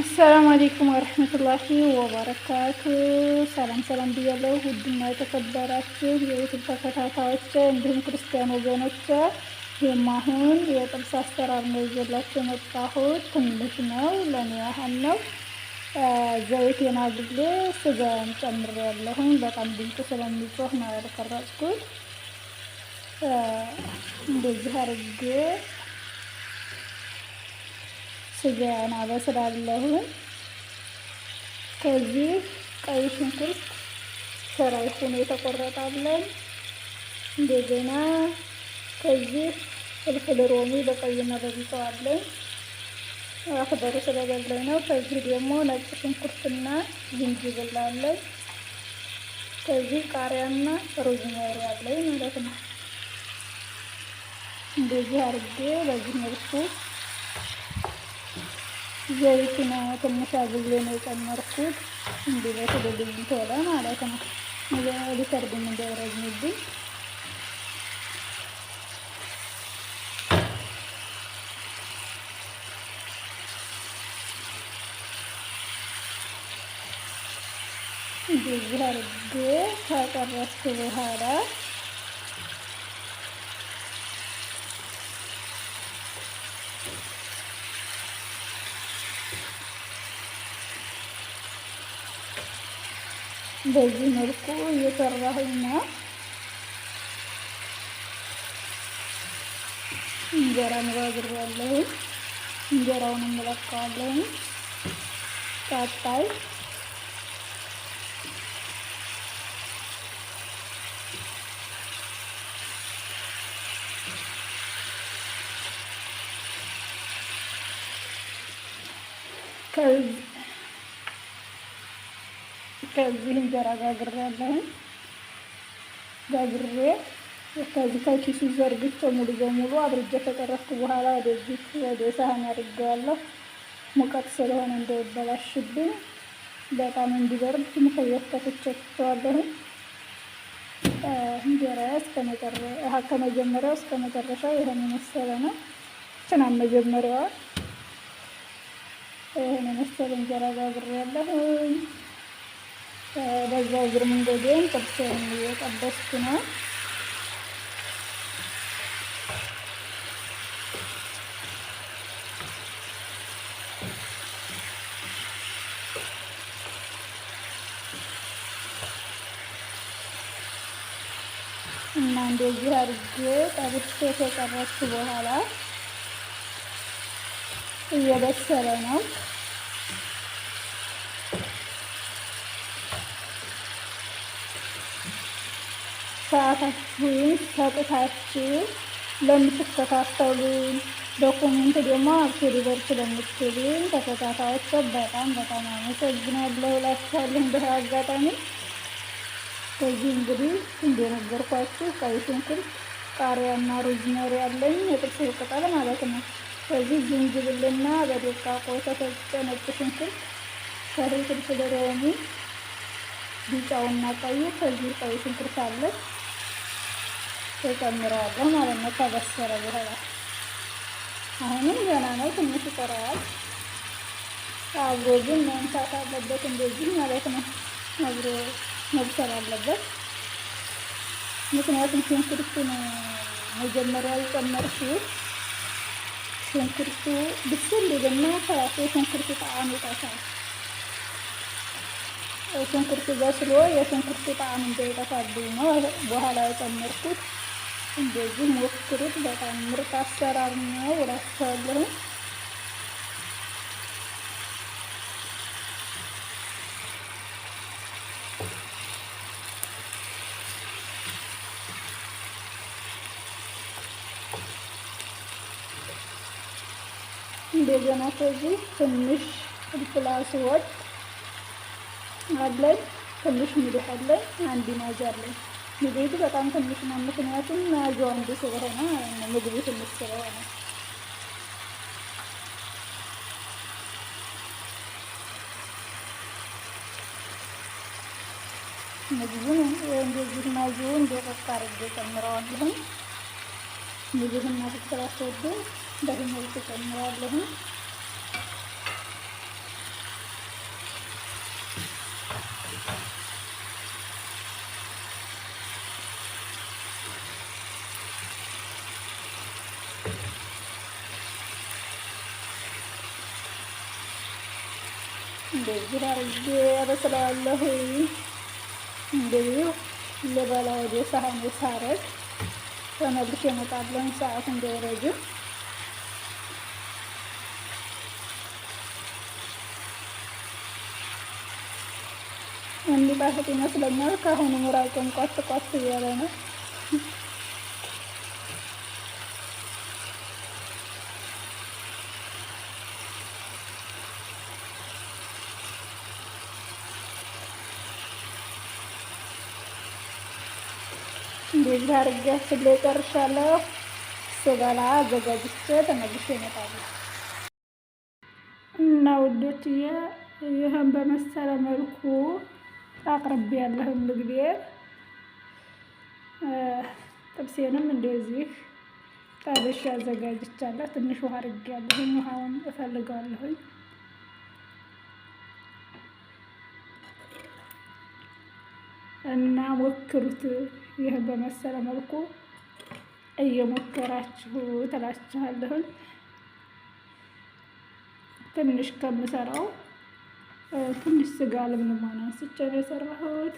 አሰላሙ አሌይኩም ወረህመቱላሂ ወበረካቱ። ሰላም ሰላም ብያለሁ። ውድና የተከበራችሁ የዩቱብ ተከታታዮች እንዲሁም ክርስቲያን ወገኖች ይህም አሁን የጥብስ አሰራር ነው ይዤላችሁ የመጣሁት። ትንሽ ነው ለእኔ ያህል ነው። ዘይቴን አግሌ ስጋን ጨምሬያለሁኝ። በጣም ድምፅ ስለሚጮህ ነው ያልቀረጽኩት። እንደዚህ አድርጌ ስጋዬን አበስላለሁኝ። ከዚህ ቀይ ሽንኩርት ሰራይቱን የተቆረጣለን። እንደገና ከዚህ ፍልፍል ሮሚ በቀይና አለኝ። አክበሩ ነው። ከዚህ ደግሞ ነጭ ሽንኩርትና ዝንጅብል አለኝ። ከዚህ ቃሪያና ሮዝሜሪ አለኝ ማለት ነው። እንደዚህ በዚህ መልኩ ዘይቱን ትንሽ አብዬ ነው የጨመርኩት። እንዲህ በትልልኝ ቶሎ ማለት ነው እንደዚህ አድርጌ ከጨረስኩ በኋላ በዚህ መልኩ እየሰራሁኝ ነው። እንጀራ ንጋግሬያለሁኝ። እንጀራውን እንለካዋለሁ። ቀጣይ ከዚህ ከዚህ እንጀራ ጋግሬያለሁኝ። ጋግሬ ከዚህ ከኪሱ ዘርግቼ ሙሉ በሙሉ አብርጄ ከጨረስኩ በኋላ ወደዚህ ወደ ሳህን አድርገዋለሁ። ሙቀት ስለሆነ እንዳይበላሽብኝ በጣም እንዲበርድ ምክንያት ከፍቼ ትቸዋለሁኝ። እንጀራ ከመጀመሪያው እስከ መጨረሻው ይህን የመሰለ ነው። ችና መጀመሪያዋ ይህን የመሰለ እንጀራ ጋግሬያለሁኝ። በዛ እግር መንገዴን ጥርሴን እየጠበስኩ ነው። እና እንደዚህ አድርጌ ጠብሼ ከጨረስኩ በኋላ እየበሰለ ነው። ሰዓታችሁን ሰጥታችሁ ለምትከታተሉኝ ዶኩመንት ደግሞ አብቴሪቨር ስለምትሉኝ ተከታታዮች በጣም በጣም አመሰግናለሁ እላችኋለሁ። እንደ አጋጣሚ ከዚህ እንግዲህ እንደነገርኳችሁ ቀይ ሽንኩርት፣ ቃሪያና ሮዝመሪ ያለኝ የጥብስ ቅጠል ማለት ነው። ከዚህ ዝንጅብልና በደቃቆ ተፈጨ ነጭ ሽንኩርት ከሪ ጥብስ ደሮሚ ቢጫውና ቀዩ ከዚህ ቀይ ሽንኩርት አለ ተጨምረዋለሁ ማለት ነው። ከበሰረ በኋላ አሁንም ገና ነው፣ ትንሽ ይቀረዋል። አብሮ ግን መምታት አለበት እንደዚህ ማለት ነው። አብሮ መብሰል አለበት። ምክንያቱም ሽንኩርቱን መጀመሪያ የጨመርኩት ሽንኩርቱ ብስል ይልና ከራሱ የሽንኩርቱ ጣዕም ይጠፋል። ሽንኩርቱ በስሎ የሽንኩርቱ ጣዕም እንዳይጠፋብኝ ነው በኋላ የጨመርኩት። እንደዚህ ሞክሩት። በጣም ምርጥ አሰራር ነው እላችኋለሁ። እንደገና ከዚህ ትንሽ ፍልፍል አስወጥ አለኝ ትንሽ ሚልህ አለኝ አንድ ናዝ አለኝ። ምግቡ በጣም ትንሽ ነው፣ ምክንያቱም ናዙ አንዱ ስለሆነ ምግቡ ትንሽ ስለሆነ ምግቡን እንደዚህ ናዙን እንደቀቅ አድርጌ ጨምረዋለሁ። ሚልህና ብስራት ወዶ በህመል ተጨምረዋለሁ እንደዚህ አድርጌ አበስለዋለሁ። እንደዚህ ለበላ ወደ ሳህን ሳረግ ተመልሼ እመጣለሁ። ሰዓት እንዳይረጅም እንዲጣፍጥ ይመስለኛል። ከአሁኑ ምራቄን ቋት ቋት እያለ ነው። እንደዛ አድርጌ አፍሌ ጨርሻለሁ። ስበላ አዘጋጅቼ ተመልሼ እመጣለሁ እና ውዶችዬ ይህን በመሰለ መልኩ አቅርቤ ያለሁ ምግቤ ጥብሴንም እንደዚህ ጠብሼ አዘጋጅቻለሁ። ትንሽ ውሃ አድርጌያለሁኝ። ውሃውን እፈልገዋለሁኝ እና ሞክሩት። ይህ በመሰለ መልኩ እየሞከራችሁ ትላችኋለሁኝ። ትንሽ ከምሰራው ትንሽ ስጋ ልምልሟን አንስቼ ነው የሰራሁት።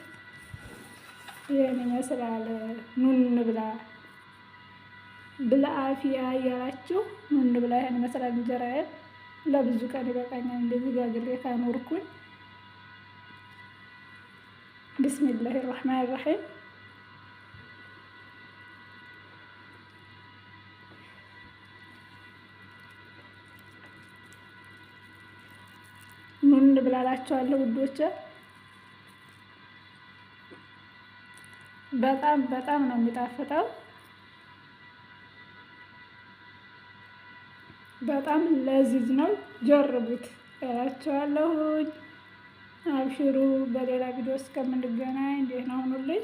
ይህን ይመስላል። ኑን ብላ ብለአፊያ እያላችሁ ኑን ብላ ይህን ይመስላል። እንጀራዬን ለብዙ ቀን ይበቃኛል እንደዚህ ጋግሬ ካኖርኩኝ ብስሚላህ ራህማን ራሒም ምን እንብላላቸዋለሁ ውዶች፣ በጣም በጣም ነው የሚጣፍጠው። በጣም ለዚዝ ነው፣ ጀርቡት እላቸዋለሁኝ። አብሽሩ። በሌላ ቪዲዮ እስከምንገናኝ ነው ሁኑልኝ።